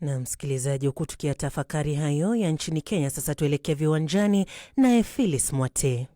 Na msikilizaji, huku tukiya tafakari hayo ya nchini Kenya, sasa tuelekee viwanjani naye Phyllis Mwate.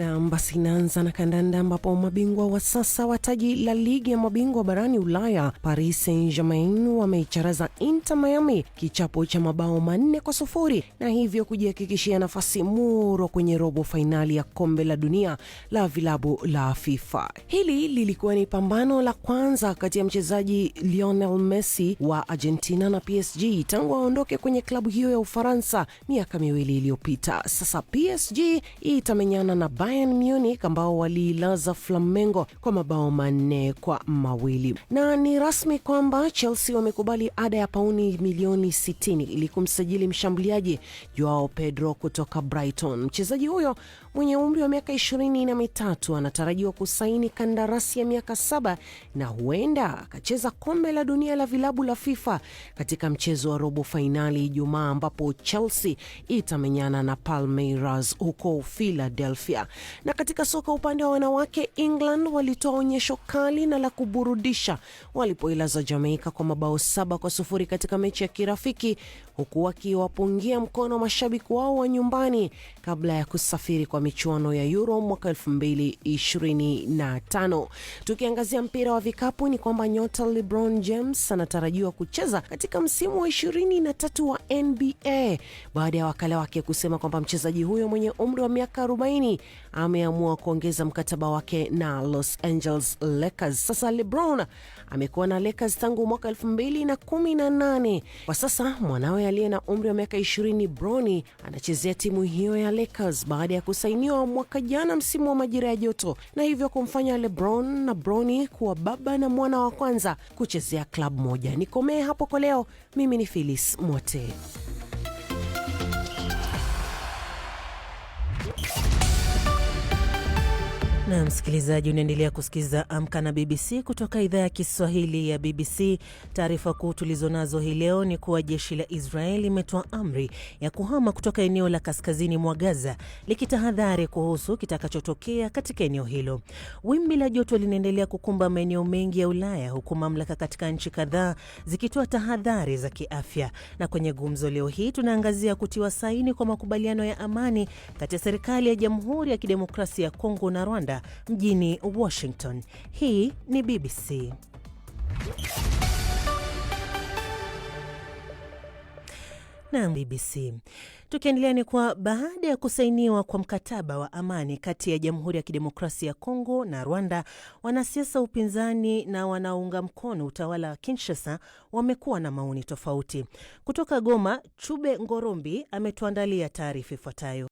Nam basi, inaanza na kandanda ambapo mabingwa wa sasa wa taji la ligi ya mabingwa barani Ulaya Paris Saint-Germain wameicharaza Inter Miami kichapo cha mabao manne kwa sufuri na hivyo kujihakikishia nafasi murwa kwenye robo fainali ya kombe la dunia la vilabu la FIFA. Hili lilikuwa ni pambano la kwanza kati ya mchezaji Lionel Messi wa Argentina na PSG tangu aondoke kwenye klabu hiyo ya Ufaransa miaka miwili iliyopita. Sasa PSG itamenyana na Bayern Munich ambao waliilaza Flamengo kwa mabao manne kwa mawili. Na ni rasmi kwamba Chelsea wamekubali ada ya pauni milioni 60 ili kumsajili mshambuliaji Joao Pedro kutoka Brighton. Mchezaji huyo mwenye umri wa miaka ishirini na mitatu anatarajiwa kusaini kandarasi ya miaka saba na huenda akacheza kombe la dunia la vilabu la FIFA katika mchezo wa robo fainali Ijumaa ambapo Chelsea itamenyana na Palmeiras huko Philadelphia. Na katika soka upande wa wanawake, England walitoa onyesho kali na la kuburudisha walipoilaza Jamaika kwa mabao saba kwa sufuri katika mechi ya kirafiki, huku wakiwapungia mkono mashabiki wao wa nyumbani kabla ya kusafiri kwa michuano ya Euro mwaka 2025. Tukiangazia mpira wa vikapu, ni kwamba nyota LeBron James anatarajiwa kucheza katika msimu wa 23 wa NBA baada ya wakala wake kusema kwamba mchezaji huyo mwenye umri wa miaka 40 ameamua kuongeza mkataba wake na Los Angeles Lakers. Sasa LeBron amekuwa na Lakers tangu mwaka 2018. Kwa sasa mwanawe aliye na umri wa miaka 20, Bronny anachezea timu hiyo ya Lakers baada ya kusainiwa mwaka jana msimu wa majira ya joto, na hivyo kumfanya LeBron na Bronny kuwa baba na mwana wa kwanza kuchezea klabu moja. Nikomee hapo kwa leo. Mimi ni Phyllis Mwote. Na msikilizaji, unaendelea kusikiza Amka na BBC kutoka idhaa ya Kiswahili ya BBC. Taarifa kuu tulizo nazo hii leo ni kuwa jeshi la Israel limetoa amri ya kuhama kutoka eneo la kaskazini mwa Gaza, likitahadhari kuhusu kitakachotokea katika eneo hilo. Wimbi la joto linaendelea kukumba maeneo mengi ya Ulaya, huku mamlaka katika nchi kadhaa zikitoa tahadhari za kiafya. Na kwenye gumzo leo hii tunaangazia kutiwa saini kwa makubaliano ya amani kati ya serikali ya Jamhuri ya Kidemokrasia ya Kongo na Rwanda mjini Washington. Hii ni BBC. na BBC. Tukiendelea ni kwa baada ya kusainiwa kwa mkataba wa amani kati ya Jamhuri ya Kidemokrasia ya Kongo na Rwanda, wanasiasa upinzani na wanaunga mkono utawala wa Kinshasa wamekuwa na maoni tofauti. Kutoka Goma, Chube Ngorombi ametuandalia taarifa ifuatayo.